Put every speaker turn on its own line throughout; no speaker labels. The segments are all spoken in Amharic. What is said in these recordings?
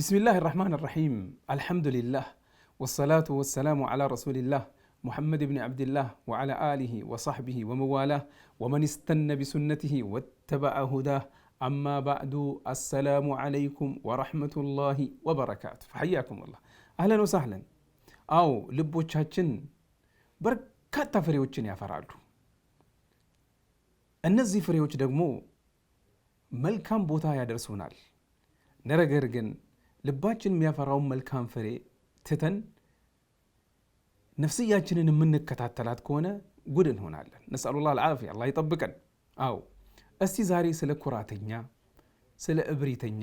بسم الله الرحمن الرحيم الحمد لله والصلاة والسلام على رسول الله محمد بن عبد الله وعلى آله وصحبه وموالاه ومن استنى بسنته واتبع هداه أما بعد السلام عليكم ورحمة الله وبركاته فحياكم الله أهلا وسهلا أو لبو تشاتشن ልቦቻችን فريوتشن يا ያፈራሉ። النزي فريوتش دقمو መልካም ቦታ درسونال ነገር ግን ልባችን የሚያፈራውን መልካም ፍሬ ትተን ነፍስያችንን የምንከታተላት ከሆነ ጉድ እንሆናለን። ላ አልዓፊያ አላ ይጠብቀን። አዎ እስቲ ዛሬ ስለ ኩራተኛ፣ ስለ እብሪተኛ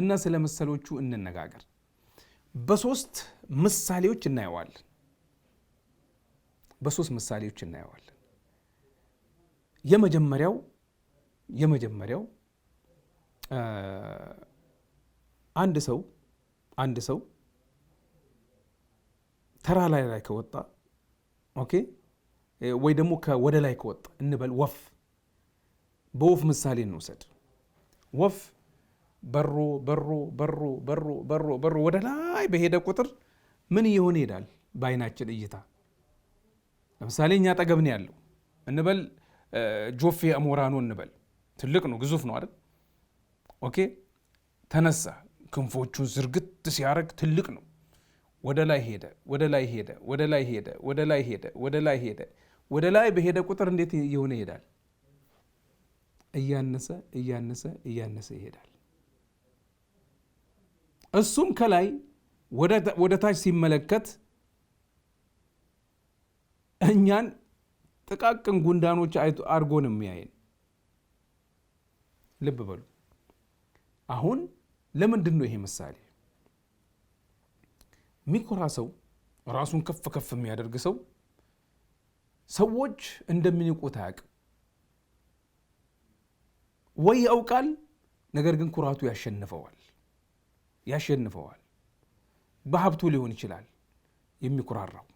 እና ስለ መሰሎቹ እንነጋገር። በሶስት ምሳሌዎች እናየዋለን። በሶስት ምሳሌዎች እናየዋለን። የመጀመሪያው የመጀመሪያው አንድ ሰው አንድ ሰው ተራ ላይ ላይ ከወጣ ኦኬ፣ ወይ ደግሞ ወደ ላይ ከወጣ እንበል ወፍ፣ በወፍ ምሳሌ እንውሰድ። ወፍ በሮ በሮ በሮ በሮ በሮ በሮ ወደ ላይ በሄደ ቁጥር ምን እየሆነ ይሄዳል? በአይናችን እይታ ለምሳሌ እኛ አጠገብ ነው ያለው እንበል፣ ጆፌ አሞራኖ እንበል፣ ትልቅ ነው ግዙፍ ነው አይደል? ኦኬ ተነሳ ክንፎቹን ዝርግት ሲያደርግ ትልቅ ነው። ወደ ላይ ሄደ፣ ወደ ላይ ሄደ፣ ወደ ላይ ሄደ፣ ወደ ላይ ሄደ፣ ወደ ላይ ሄደ። ወደ ላይ በሄደ ቁጥር እንዴት እየሆነ ይሄዳል? እያነሰ እያነሰ እያነሰ ይሄዳል። እሱም ከላይ ወደ ታች ሲመለከት እኛን ጥቃቅን ጉንዳኖች አድርጎ ነው የሚያየን። ልብ በሉ አሁን ለምንድን ነው ይሄ ምሳሌ? የሚኮራ ሰው ራሱን ከፍ ከፍ የሚያደርግ ሰው ሰዎች እንደሚንቁት አያውቅም። ወይ ያውቃል፣ ነገር ግን ኩራቱ ያሸንፈዋል ያሸንፈዋል። በሀብቱ ሊሆን ይችላል የሚኮራራው፣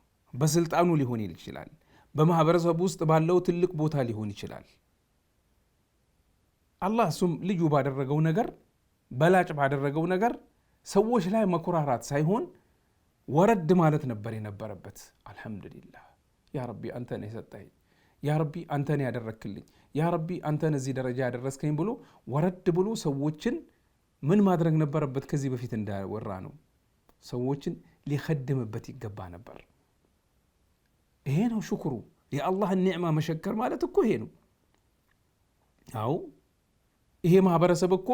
በስልጣኑ ሊሆን ይችላል፣ በማህበረሰብ ውስጥ ባለው ትልቅ ቦታ ሊሆን ይችላል። አላህ እሱም ልዩ ባደረገው ነገር በላጭ ባደረገው ነገር ሰዎች ላይ መኩራራት ሳይሆን ወረድ ማለት ነበር የነበረበት። አልሐምዱሊላህ ያ ረቢ አንተን የሰጠኝ፣ ያ ረቢ አንተን ያደረክልኝ፣ ያ ረቢ አንተን እዚህ ደረጃ ያደረስከኝ ብሎ ወረድ ብሎ ሰዎችን ምን ማድረግ ነበረበት? ከዚህ በፊት እንዳወራ ነው ሰዎችን ሊከድምበት ይገባ ነበር። ይሄ ነው ሽኩሩ። የአላህን ኒዕማ መሸከር ማለት እኮ ይሄ ነው። አዎ ይሄ ማህበረሰብ እኮ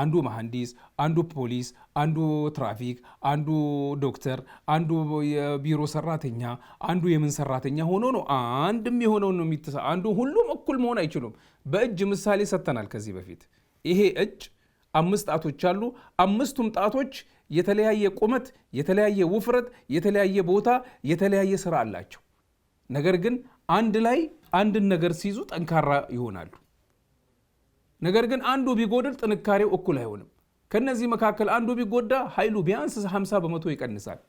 አንዱ መሐንዲስ፣ አንዱ ፖሊስ፣ አንዱ ትራፊክ፣ አንዱ ዶክተር፣ አንዱ የቢሮ ሰራተኛ፣ አንዱ የምን ሰራተኛ ሆኖ ነው አንድም የሆነው ነው የሚተሳ አንዱ ሁሉም እኩል መሆን አይችሉም። በእጅ ምሳሌ ሰጥተናል ከዚህ በፊት ይሄ እጅ አምስት ጣቶች አሉ። አምስቱም ጣቶች የተለያየ ቁመት፣ የተለያየ ውፍረት፣ የተለያየ ቦታ፣ የተለያየ ስራ አላቸው። ነገር ግን አንድ ላይ አንድን ነገር ሲይዙ ጠንካራ ይሆናሉ። ነገር ግን አንዱ ቢጎድል ጥንካሬው እኩል አይሆንም። ከነዚህ መካከል አንዱ ቢጎዳ ኃይሉ ቢያንስ 50 በመቶ ይቀንሳል።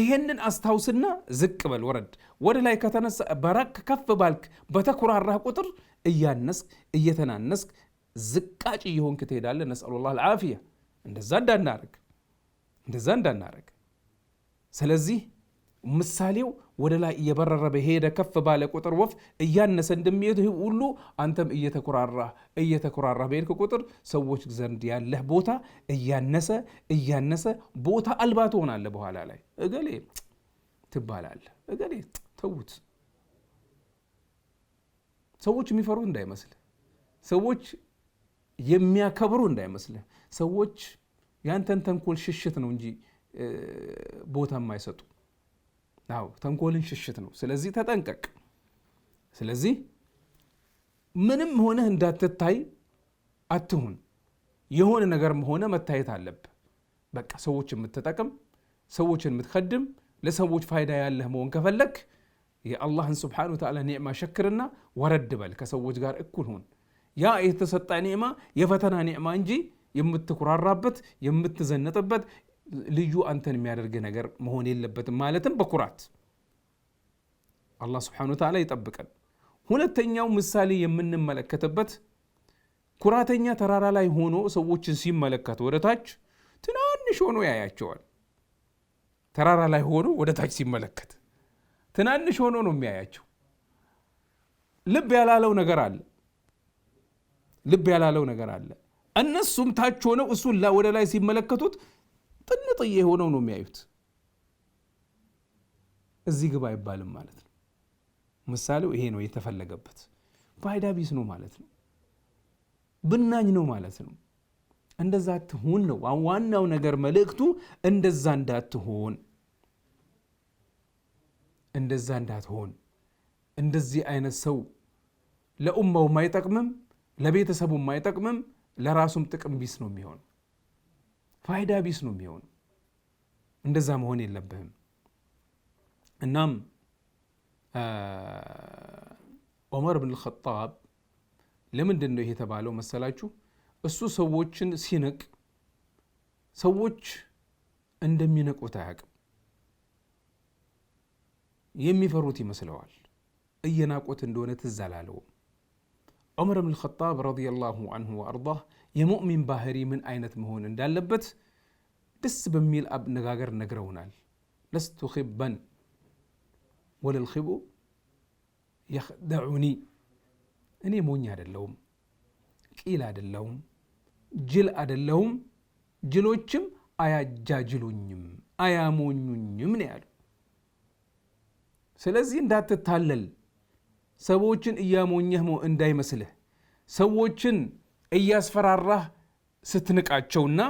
ይሄንን አስታውስና ዝቅ በል ወረድ፣ ወደ ላይ ከተነሳ በራክ ከፍ ባልክ በተኩራራህ ቁጥር እያነስክ እየተናነስክ ዝቃጭ እየሆንክ ትሄዳለህ። ነስአሉላህ አልዓፊያ። እንደዛ እንዳናረግ እንደዛ እንዳናረግ ስለዚህ ምሳሌው ወደ ላይ እየበረረ በሄደ ከፍ ባለ ቁጥር ወፍ እያነሰ እንደሚሄድ ሁሉ አንተም እየተኮራራ እየተኮራራ በሄድክ ቁጥር ሰዎች ዘንድ ያለህ ቦታ እያነሰ እያነሰ ቦታ አልባ ትሆናለህ። በኋላ ላይ እገሌ ትባላለህ። እገሌ ተዉት። ሰዎች የሚፈሩ እንዳይመስል፣ ሰዎች የሚያከብሩ እንዳይመስል። ሰዎች ያንተን ተንኮል ሽሽት ነው እንጂ ቦታ የማይሰጡ አዎ ተንኮልን ሽሽት ነው። ስለዚህ ተጠንቀቅ። ስለዚህ ምንም ሆነህ እንዳትታይ አትሁን። የሆነ ነገር ሆነ መታየት አለብ። በቃ ሰዎች የምትጠቅም ሰዎችን የምትከድም ለሰዎች ፋይዳ ያለህ መሆን ከፈለግ የአላህን ስብሓነሁ ወተዓላ ኒዕማ ሸክርና ወረድ በል። ከሰዎች ጋር እኩል ሁን። ያ የተሰጠ ኒዕማ የፈተና ኒዕማ እንጂ የምትኩራራበት የምትዘነጥበት ልዩ አንተን የሚያደርግ ነገር መሆን የለበትም። ማለትም በኩራት አላህ ስብሓነሁ ወተዓላ ይጠብቀን። ሁለተኛው ምሳሌ የምንመለከትበት ኩራተኛ ተራራ ላይ ሆኖ ሰዎችን ሲመለከት ወደ ታች ትናንሽ ሆኖ ያያቸዋል። ተራራ ላይ ሆኖ ወደ ታች ሲመለከት ትናንሽ ሆኖ ነው የሚያያቸው። ልብ ያላለው ነገር አለ። ልብ ያላለው ነገር አለ። እነሱም ታች ሆነው እሱን ወደ ላይ ሲመለከቱት ጥንጥዬ ሆነው ነው የሚያዩት። እዚህ ግባ አይባልም ማለት ነው። ምሳሌው ይሄ ነው የተፈለገበት። ፋይዳ ቢስ ነው ማለት ነው። ብናኝ ነው ማለት ነው። እንደዛ ትሁን ነው ዋናው ነገር መልእክቱ። እንደዛ እንዳትሆን እንደዛ እንዳትሆን። እንደዚህ አይነት ሰው ለኡማው ማይጠቅምም ለቤተሰቡ ማይጠቅምም ለራሱም ጥቅም ቢስ ነው የሚሆነው። ፋይዳ ቢስ ነው የሚሆኑ። እንደዛ መሆን የለብህም። እናም ዑመር ብን ልኸጣብ ለምንድን ነው ይሄ የተባለው መሰላችሁ? እሱ ሰዎችን ሲነቅ ሰዎች እንደሚነቁት አያውቅም። የሚፈሩት ይመስለዋል። እየናቁት እንደሆነ ትዝ አላለውም። ዑመር ብን ልኸጣብ ረዲየላሁ አንሁ ወአርዳህ የሙእሚን ባህሪ ምን አይነት መሆን እንዳለበት ደስ በሚል አነጋገር ነግረውናል። ለስቱ ኺበን ወለልኺቡ የኽደዑኒ እኔ ሞኝ አደለውም፣ ቂል አደለውም፣ ጅል አደለውም፣ ጅሎችም አያጃጅሉኝም፣ አያሞኙኝም ነው ያሉ። ስለዚህ እንዳትታለል ሰዎችን እያሞኘህ እንዳይመስልህ ሰዎችን እያስፈራራህ ስትንቃቸውና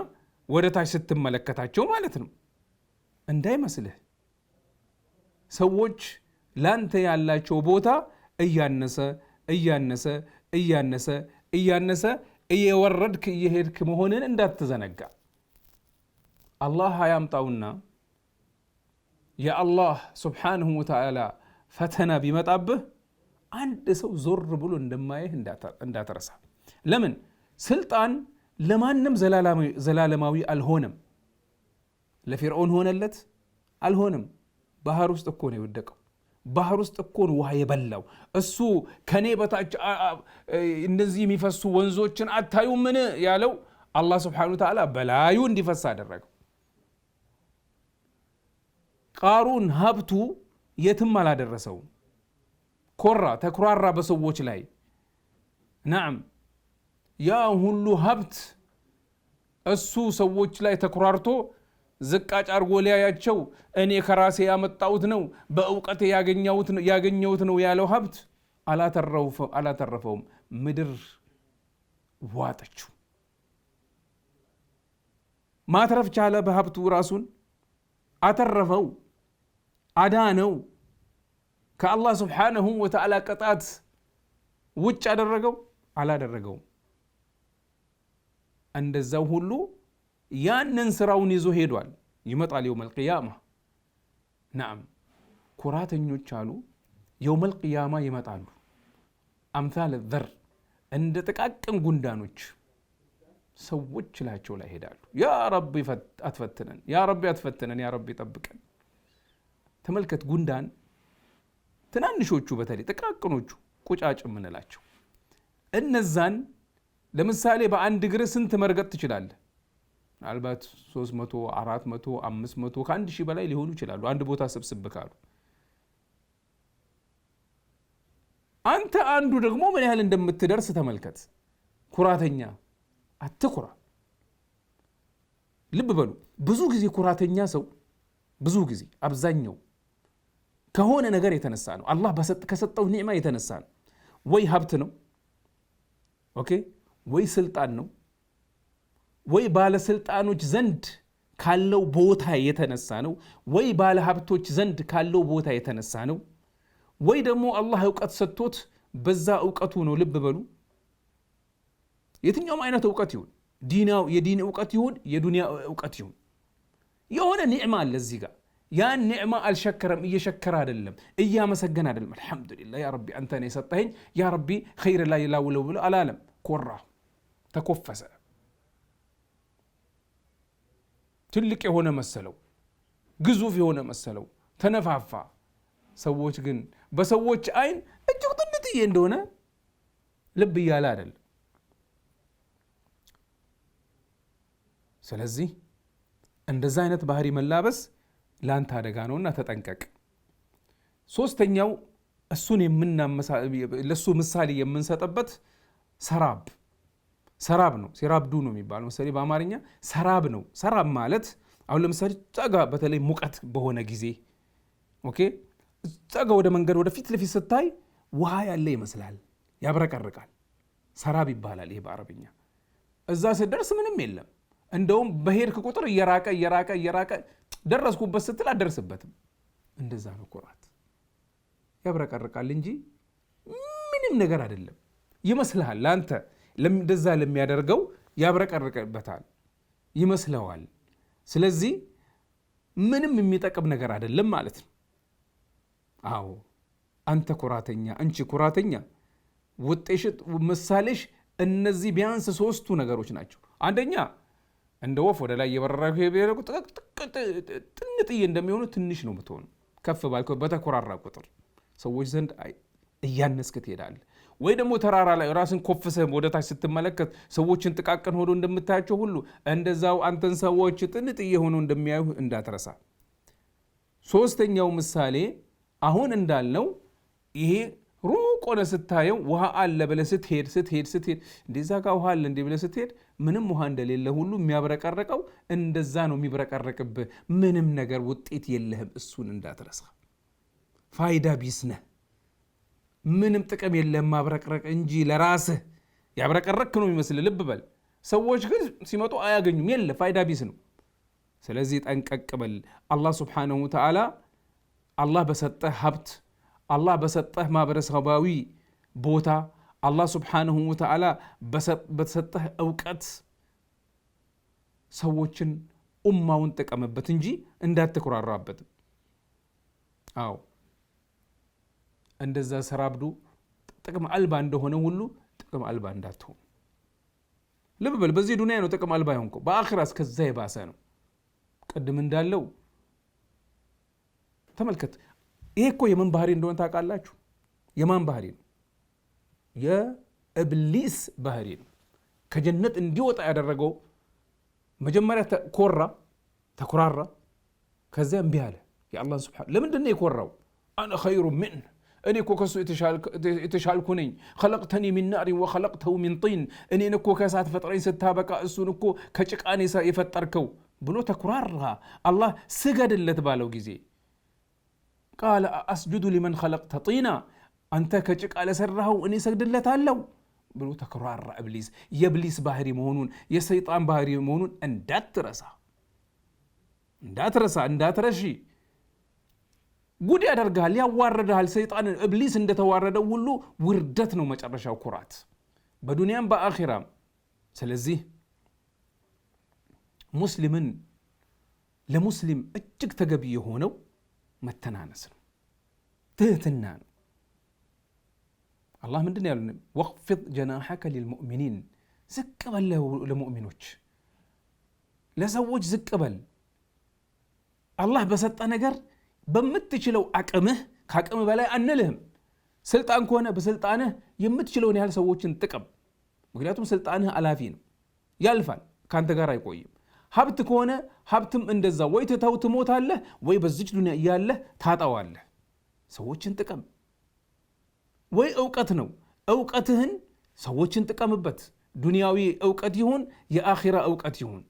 ወደ ታች ስትመለከታቸው ማለት ነው እንዳይመስልህ ሰዎች ላንተ ያላቸው ቦታ እያነሰ እያነሰ እያነሰ እያነሰ እየወረድክ እየሄድክ መሆንን እንዳትዘነጋ። አላህ አያምጣውና የአላህ ስብሓንሁ ወተዓላ ፈተና ቢመጣብህ አንድ ሰው ዞር ብሎ እንደማየህ እንዳትረሳ። ለምን ስልጣን ለማንም ዘላለማዊ አልሆነም። ለፊርዖን ሆነለት አልሆነም። ባህር ውስጥ እኮ ነው የወደቀው። ባህር ውስጥ እኮ ነው ውሃ የበላው። እሱ ከኔ በታች እነዚህ የሚፈሱ ወንዞችን ምን ያለው አላህ ስብሓነሁ ተዓላ በላዩ እንዲፈስ አደረገው። ቃሩን ሀብቱ የትም አላደረሰውም። ኮራ፣ ተኩራራ በሰዎች ላይ ናም ያ ሁሉ ሀብት እሱ ሰዎች ላይ ተኩራርቶ ዝቃጭ አርጎ ሊያያቸው እኔ ከራሴ ያመጣሁት ነው በእውቀቴ ያገኘሁት ነው ያለው ሀብት አላተረፈውም። ምድር ዋጠችው። ማትረፍ ቻለ። በሀብቱ ራሱን አተረፈው፣ አዳነው፣ ከአላህ ስብሓነሁ ወተዓላ ቅጣት ውጭ አደረገው? አላደረገውም። እንደዛው ሁሉ ያንን ስራውን ይዞ ሄዷል። ይመጣል የውመል ቂያማ። ናም ኩራተኞች አሉ የውመል ቂያማ ይመጣሉ። አምሳለ ዘር እንደ ጥቃቅን ጉንዳኖች ሰዎች ላቸው ላይ ሄዳሉ። ያ ረቢ አትፈትነን፣ ያ ረቢ አትፈትነን፣ ያ ረቢ ጠብቀን። ተመልከት ጉንዳን ትናንሾቹ፣ በተለይ ጥቃቅኖቹ ቁጫጭ የምንላቸው እነዛን ለምሳሌ በአንድ እግር ስንት መርገጥ ትችላለህ? ምናልባት 300፣ 400፣ 500 ከአንድ ሺህ በላይ ሊሆኑ ይችላሉ። አንድ ቦታ ስብስብ ካሉ አንተ አንዱ ደግሞ ምን ያህል እንደምትደርስ ተመልከት። ኩራተኛ አትኩራ። ልብ በሉ። ብዙ ጊዜ ኩራተኛ ሰው ብዙ ጊዜ አብዛኛው ከሆነ ነገር የተነሳ ነው። አላህ ከሰጠው ኒዕማ የተነሳ ነው። ወይ ሀብት ነው ኦኬ ወይ ስልጣን ነው ወይ ባለስልጣኖች ዘንድ ካለው ቦታ የተነሳ ነው ወይ ባለሀብቶች ዘንድ ካለው ቦታ የተነሳ ነው ወይ ደግሞ አላህ እውቀት ሰጥቶት በዛ እውቀቱ ነው። ልብ በሉ፣ የትኛውም አይነት እውቀት ይሁን የዲን እውቀት ይሁን የዱንያ እውቀት ይሁን የሆነ ኒዕማ አለ እዚህ ጋር። ያን ኒዕማ አልሸከረም፣ እየሸከረ አይደለም፣ እያመሰገን አይደለም። አልሐምዱሊላ ያ ረቢ አንተ ነው የሰጠኸኝ፣ ያ ረቢ ኸይር ላይ ላውለው ብሎ አላለም፣ ኮራ ተኮፈሰ። ትልቅ የሆነ መሰለው፣ ግዙፍ የሆነ መሰለው፣ ተነፋፋ። ሰዎች ግን በሰዎች አይን እጅግ ትንትዬ እንደሆነ ልብ እያለ አይደለም። ስለዚህ እንደዚ አይነት ባህሪ መላበስ ለአንተ አደጋ ነውና ተጠንቀቅ። ሶስተኛው እሱን ለእሱ ምሳሌ የምንሰጥበት ሰራብ ሰራብ ነው። ዱ ነው የሚባለው መሰለኝ በአማርኛ ሰራብ ነው። ሰራብ ማለት አሁን ለምሳሌ ጸጋ፣ በተለይ ሙቀት በሆነ ጊዜ ኦኬ፣ ጸጋ ወደ መንገድ ወደ ፊት ለፊት ስታይ ውሃ ያለ ይመስላል፣ ያብረቀርቃል። ሰራብ ይባላል ይሄ በአረብኛ። እዛ ስደርስ ምንም የለም። እንደውም በሄድክ ቁጥር እየራቀ እየራቀ እየራቀ ደረስኩበት ስትል አደርስበትም። እንደዛ ነው ኩራት። ያብረቀርቃል እንጂ ምንም ነገር አይደለም ይመስልሃል ለአንተ እንደዛ ለሚያደርገው ያብረቀርቅበታል፣ ይመስለዋል። ስለዚህ ምንም የሚጠቅም ነገር አይደለም ማለት ነው። አዎ አንተ ኩራተኛ፣ አንቺ ኩራተኛ፣ ውጤሽ ምሳሌሽ እነዚህ ቢያንስ ሶስቱ ነገሮች ናቸው። አንደኛ እንደ ወፍ ወደ ላይ እየበረራ ብሔረቁ እንደሚሆኑ ትንሽ ነው ምትሆኑ። ከፍ ባልከው በተኮራራ ቁጥር ሰዎች ዘንድ እያነስክ ትሄዳለህ። ወይ ደግሞ ተራራ ላይ ራስን ኮፍሰህ ወደታች ስትመለከት ሰዎችን ጥቃቅን ሆኖ እንደምታያቸው ሁሉ እንደዛው አንተን ሰዎች ጥንጥ እየሆኑ እንደሚያዩ እንዳትረሳ። ሶስተኛው ምሳሌ አሁን እንዳልነው ይሄ ሩቅ ሆነ ስታየው ውሃ አለ ብለህ ስትሄድ ስትሄድ ስትሄድ እንደዛ ጋር ውሃ አለ እንዲህ ብለህ ስትሄድ ምንም ውሃ እንደሌለ ሁሉ የሚያብረቀረቀው እንደዛ ነው የሚብረቀረቅብህ። ምንም ነገር ውጤት የለህም። እሱን እንዳትረሳ። ፋይዳ ቢስ ነህ። ምንም ጥቅም የለም ማብረቅረቅ እንጂ ለራስህ ያብረቀረክ ነው የሚመስል ልብ በል። ሰዎች ግን ሲመጡ አያገኙም፣ የለ ፋይዳ ቢስ ነው። ስለዚህ ጠንቀቅ በል። አላህ ሱብሓነሁ ተዓላ አላህ በሰጠህ ሀብት፣ አላህ በሰጠህ ማህበረሰባዊ ቦታ፣ አላህ ሱብሓነሁ ተዓላ በሰጠህ እውቀት ሰዎችን ኡማውን ጥቀምበት እንጂ እንዳትኩራራበት። አዎ እንደዛ ሰራብዱ ጥቅም አልባ እንደሆነ ሁሉ ጥቅም አልባ እንዳትሆን ልብ በል። በዚህ ዱንያ ነው ጥቅም አልባ ይሆን፣ በአኺራ እስከዛ የባሰ ነው። ቅድም እንዳለው ተመልከት። ይሄ እኮ የምን ባህሪ እንደሆነ ታውቃላችሁ? የማን ባህሪ ነው? የእብሊስ ባህሪ ነው። ከጀነት እንዲወጣ ያደረገው መጀመሪያ ኮራ፣ ተኮራራ፣ ከዚያ እምቢ አለ። የአላህን ስብሓን ለምንድን ነው የኮራው? አነ ኸይሩ ምን እኔ እኮ ከሱ የተሻልኩ ነኝ። ኸለቅተኒ ሚን ናሪን ወኸለቅተው ሚን ጢን፣ እኔን እኮ ከእሳት ፈጥረኝ ስታበቃ እሱን እኮ ከጭቃኔ የፈጠርከው ብሎ ተኩራራ። አላህ ስገድለት ባለው ጊዜ ቃለ አስጁዱ ሊመን ኸለቅተ ጢና፣ አንተ ከጭቃ ለሰራኸው እኔ ሰግድለታለሁ ብሎ ተኩራራ። እብሊስ የእብሊስ ባህሪ መሆኑን የሰይጣን ባህሪ መሆኑን እንዳትረሳ እንዳትረሳ እንዳትረሺ ጉድ ያደርግሃል፣ ያዋርድሃል። ሰይጣን እብሊስ እንደተዋረደው ሁሉ ውርደት ነው መጨረሻው ኩራት፣ በዱንያም በአኺራም። ስለዚህ ሙስሊምን ለሙስሊም እጅግ ተገቢ የሆነው መተናነስ ነው፣ ትህትና ነው። አላህ ምንድን ያሉ ወክፊድ ጀናሐከ ሊልሙእሚኒን፣ ዝቅ በል ለሙእሚኖች፣ ለሰዎች ዝቅ በል አላህ በሰጠ ነገር በምትችለው አቅምህ ከአቅም በላይ አንልህም። ስልጣን ከሆነ በስልጣንህ የምትችለውን ያህል ሰዎችን ጥቅም ምክንያቱም ስልጣንህ አላፊ ነው፣ ያልፋል፣ ከአንተ ጋር አይቆይም። ሀብት ከሆነ ሀብትም እንደዛ ወይ ትተው ትሞታለህ፣ ወይ በዚች ዱኒያ እያለህ ታጣዋለህ። ሰዎችን ጥቅም። ወይ እውቀት ነው፣ እውቀትህን ሰዎችን ጥቀምበት። ዱንያዊ እውቀት ይሁን የአኺራ እውቀት ይሁን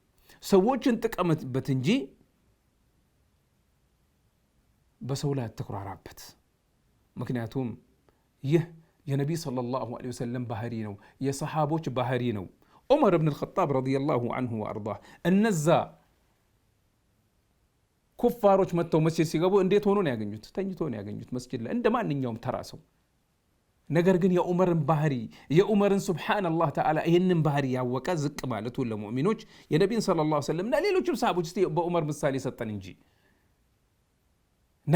ሰዎችን ጥቀምበት እንጂ በሰው ላይ አትኩራራበት። ምክንያቱም ይህ የነቢይ ሰለላሁ ዐለይሂ ወሰለም ባህሪ ነው፣ የሰሓቦች ባህሪ ነው። ዑመር ብን ልኸጣብ ረዲየላሁ አንሁ ወአርዳህ እነዛ ኩፋሮች መጥተው መስጅድ ሲገቡ እንዴት ሆኖ ነው ያገኙት? ተኝቶ ነው ያገኙት መስጅድ ላይ እንደ ማንኛውም ተራ ሰው። ነገር ግን የዑመርን ባህሪ የዑመርን ሱብሓነላህ ተዓላ ይህንን ባህሪ ያወቀ ዝቅ ማለቱ ለሙእሚኖች የነቢን ሰለላሁ ዐለይሂ ወሰለም እና ሌሎችም ሰሓቦች በዑመር ምሳሌ ሰጠን እንጂ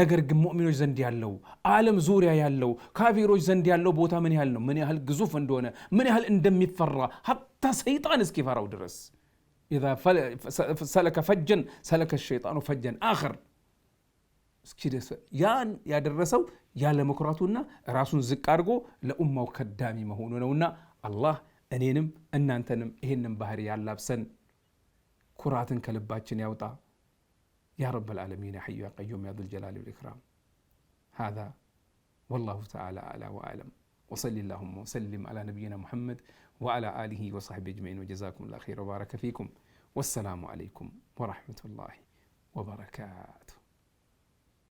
ነገር ግን ሙእሚኖች ዘንድ ያለው ዓለም ዙሪያ ያለው ካፊሮች ዘንድ ያለው ቦታ ምን ያህል ነው? ምን ያህል ግዙፍ እንደሆነ ምን ያህል እንደሚፈራ ሀታ ሰይጣን እስኪፈራው ድረስ ሰለከ ፈጀን ሰለከ ሸይጣኑ ፈጀን አኸር እስኪደስ ያን ያደረሰው ያለ መኩራቱና ራሱን ዝቅ አድርጎ ለኡማው ከዳሚ መሆኑ ነውና አላህ እኔንም እናንተንም ይሄንን ባህሪ ያላብሰን፣ ኩራትን ከልባችን ያውጣ። يا رب العالمين يا حي يا قيوم يا ذا الجلال والإكرام هذا والله تعالى أعلى وأعلم وصل اللهم وسلم على نبينا محمد وعلى آله وصحبه أجمعين وجزاكم الله خير وبارك فيكم والسلام عليكم ورحمة الله وبركاته